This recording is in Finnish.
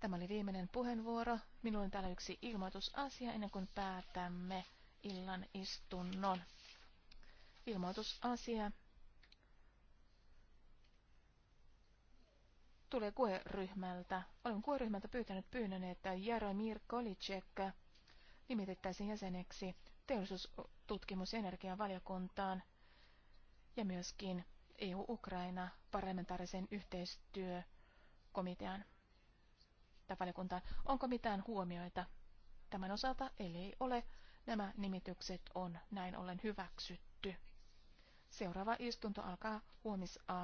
Tämä oli viimeinen puheenvuoro. Minulla on täällä yksi ilmoitusasia ennen kuin päätämme illan istunnon. Ilmoitusasia tulee kueryhmältä. Olen kueryhmältä pyytänyt pyynnön, että Jaromir Kolicek nimitettäisiin jäseneksi teollisuustutkimus- ja energiavaliokuntaan ja myöskin EU-Ukraina parlamentaarisen yhteistyökomitean nimittää Onko mitään huomioita tämän osalta? Eli ole, nämä nimitykset on näin ollen hyväksytty. Seuraava istunto alkaa huomisaa.